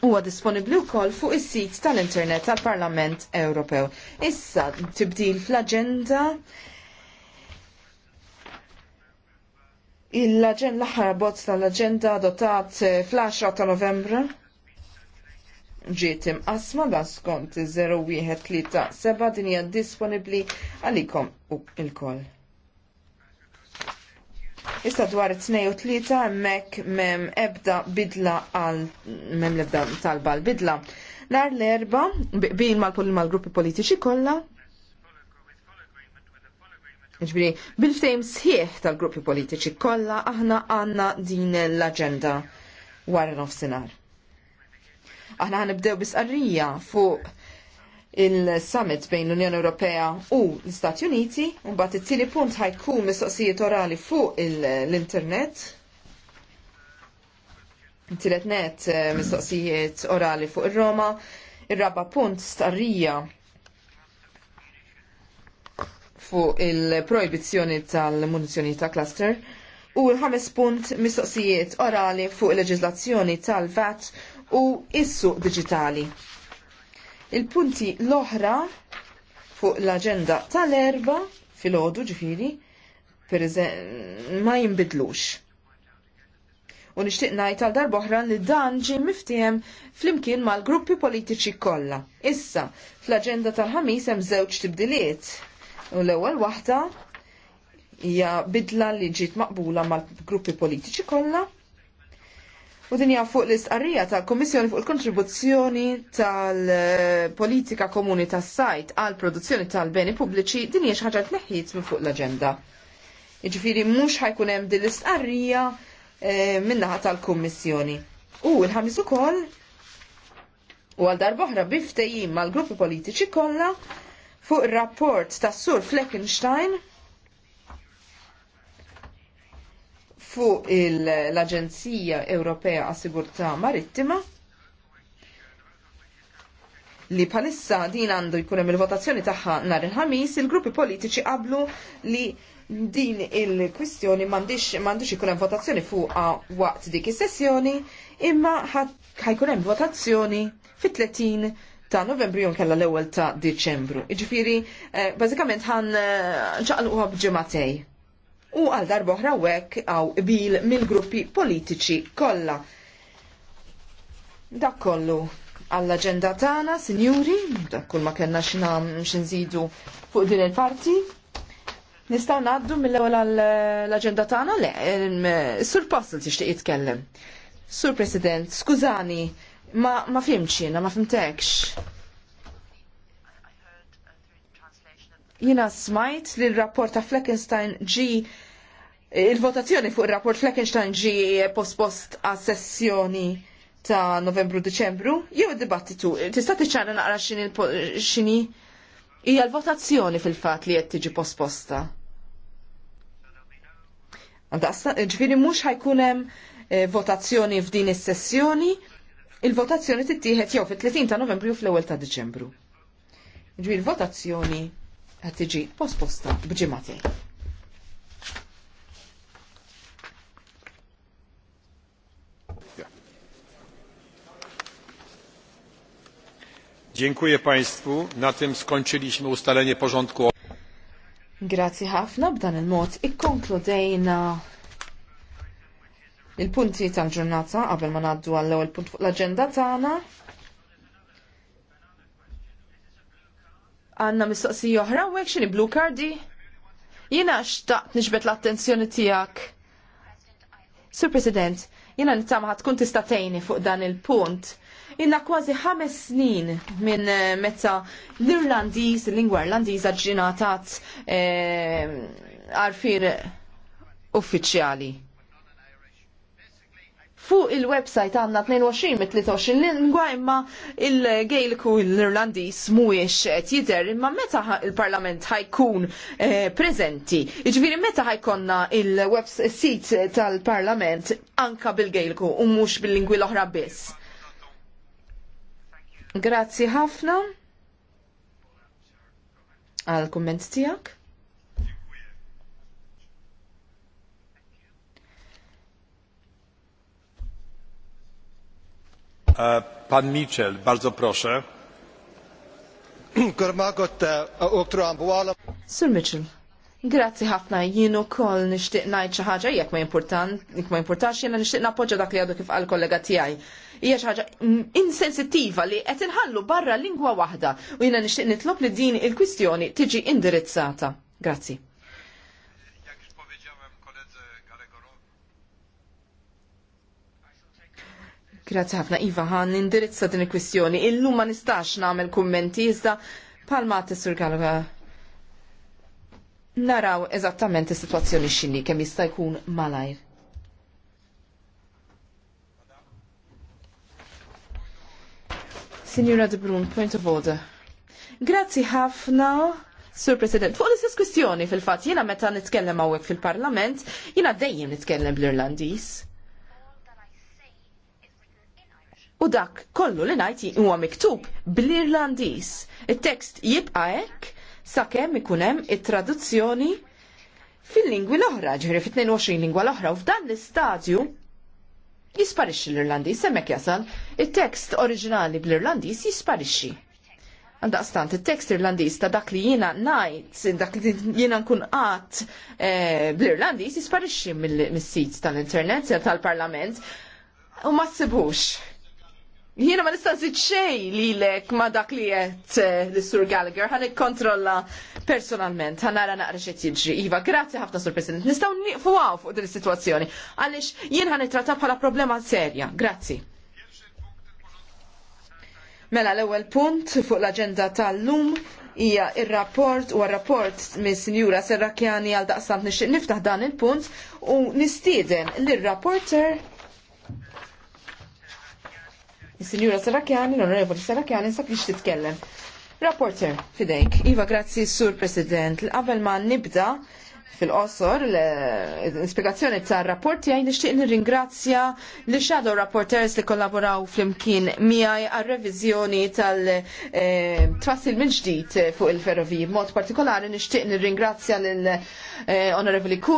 huwa disponibbli wkoll fuq is-sit tal-Internet tal-Parlament Ewropew. Issa tibdil fl-aġenda il aġenda l-aħħar bozz tal-aġenda dotat eh, fl-10 ta' Novembru ġiet imqasma da skont 0137 din hija disponibbli għalikom ukoll. Issa dwar it-tnej u tlieta hemmhekk m'hemm ebda bidla għal mem lebda talba għal bidla. Nar l-erba bin mal-pol mal-gruppi politiċi kollha. Ġbiri, bil fejm sħiħ tal-gruppi politiċi kollha aħna għandna din l agenda wara nofsinhar. Aħna ħanibdew bis-qarrija fuq il-summit bejn l-Unjoni Ewropea u l-Istati Uniti, mbagħad it-tieni punt ħajkun mistoqsijiet orali fuq l-internet. In-tielet net eh, mistoqsijiet orali fuq ir-Roma, ir-raba punt starrija fuq il proibizzjoni tal munizzjoni ta' cluster u l-ħames punt mistoqsijiet orali fuq il leġiżlazzjoni tal-VAT u issu digitali. Il-punti l-oħra fuq l-agenda tal-erba fil-ħodu ġifiri ma jimbidlux. U nixtieq ngħid għal darboħra li dan ġie miftiem flimkien mal-gruppi politiċi kollha. Issa, fl-aġenda tal-ħamis hemm żewġ tibdiliet. U l-ewwel waħda hija bidla li ġiet maqbula mal-gruppi politiċi kollha U dinja fuq l-istqarrija tal kummissjoni fuq il-kontribuzzjoni tal-politika komuni tas-sajt għal produzzjoni tal-beni pubbliċi din hija xi ħaġa tneħħiet minn fuq l-aġenda. Jiġifieri mhux ħajkun hemm din l-istqarrija eh, minnaħa tal-Kummissjoni. U l-ħamis ukoll u għal darboħra biftejim mal-gruppi politiċi kollha fuq ir-rapport tas-Sur Fleckenstein fuq l-Aġenzija Ewropea għas-Sigurtà Marittima li palissa din għandu jkun hemm il-votazzjoni tagħha nhar il-ħamis, il-gruppi politiċi qablu li din il-kwistjoni m'għandux ikun hemm votazzjoni fuqha waqt dik is-sessjoni, imma ħajkun hemm votazzjoni fit-30 ta' novembru jon kella l-ewwel ta' Diċembru. Jiġifieri, eh, bażikament ħan eh, ċaqluqha b'ġimagħtej u għal darboħra wek għaw bil mill-gruppi politiċi kolla. Dak kollu għall-agenda tagħna, sinjuri, dak kull ma kellna xina xinżidu fuq din il-parti. Nistgħu ngħaddu mill-ewwel għall-aġenda tagħna? Le, sur Postel tixtieq jitkellem. Sur President, skużani, ma, ma fimċina, ma fimtekx. jina smajt li l-rapport ta' Fleckenstein ġi Il-votazzjoni fuq ir-rapport Fleckenstein ġi post-post għas sessjoni ta' novembru-deċembru, jew id-dibattitu, tista' tiċċara naqra x'inhi hija l-votazzjoni fil-fatt li qed tiġi posposta. Ġifieri mhux ħajkun hemm eh, votazzjoni f'din is-sessjoni, il-votazzjoni tittieħed jew fit-30 ta' Novembru jew fl-ewwel ta' Diċembru. Ġifieri l-votazzjoni qed tiġi posposta b'ġimagħtejn. Dziękuję Państwu. Na tym skończyliśmy ustalenie porządku. Grazzi ħafna b'dan il-mod ikkonkludejna il-punti tal-ġurnata qabel ma naddu għall ewwel punt fuq l-aġenda tagħna. Għandna mistoqsija oħra hawnhekk x'inhi blue cardi? Jiena xtaqt nixbet l-attenzjoni tiegħek. Sur President, jiena nittama tkun tista' tgħinni fuq dan il-punt illa kważi ħames snin minn eh, mezza l-Irlandiż, lingwa Irlandiża ġinatat eh, għarfir uffiċjali. Fuq il-website għanna 22 mit 23 lingwa imma il-Gaeliku l irlandiż mhuwiex qed jidher imma meta il-Parlament ħajkun eh, preżenti. Jiġifieri meta ħajkonna il-sit tal-Parlament anka bil-Gaeliku u mhux bil-lingwi l-oħra biss. Grazzi ħafna għal kumment tijak. Pan Mitchell, bardzo proszę. Sir Mitchell. Grazzi ħafna, jien ukoll nixtieq ngħid xi ħaġa jekk ma important, jekk ma importax jiena nixtieq nappoġġa dak li għadu kif għal kollega tiegħi. Hija xi ħaġa insensittiva li qed inħallu barra lingwa waħda u jiena nixtieq nitlob li din il-kwistjoni tiġi indirizzata. Grazzi. Grazzi ħafna Iva ħan indirizza din il-kwistjoni. Illum ma nistax nagħmel kummenti iżda palma t-sur naraw eżattament is-sitwazzjoni x'inhi kemm jista' jkun malajr. Signora De Brun, point of order. Grazzi ħafna. Sur President, fuq l-istess kwistjoni fil-fatt, jiena meta nitkellem hawnhekk fil-Parlament, jiena dejjem nitkellem bl-Irlandiż. U dak kollu li ngħid huwa miktub bl-Irlandiż. it tekst jibqa' hekk sakemm ikun hemm it-traduzzjoni fil-lingwi l-oħra, ġifieri fit-22 lingwa l-oħra u f'dan l-istadju jisparixxi l-Irlandiż, hemmhekk jasal, it-tekst oriġinali bl-Irlandiż jisparixxi. Għandaqstant, il-tekst irlandiż ta' dak li jiena najt, dak li jiena nkun qatt eh, bl-Irlandiż jisparixxi mis-sit tal-internet tal-Parlament u ma ssibux. Jiena ma nista' nżid xejn lilek ma dak li qed eh, l-Sur Gallagher ħan ikkontrolla personalment ħan nara naqra x'qed jiġri. Iva, grazzi ħafna Sur President. Nistgħu nieqfu għaw fuq din is-sitwazzjoni għaliex jien ħan nittratta bħala problema serja. Grazzi. Mela l-ewwel punt fuq l-aġenda tal-lum hija ir-rapport u r-rapport mis Sinjura Serrakjani għal daqsant nixtieq niftaħ dan il-punt u nistieden lir-rapporter Il-Sinjura Sarakjani, l-Onorevoli Sarakjani, sa' biex titkellem. Rapporter, fidejk. Iva, grazzi, Sur President. L-qabel ma nibda fil-qosor l-ispiegazzjoni tar rapport nishtiq nir nirringrazzja li shadow rapporters li kollaboraw flimkien miħaj ar-revizjoni tal-twassil eh, minn ġdid fuq il ferrovi Mod partikolari nixtieq nirringrazzja l eh, Onorevoli Kun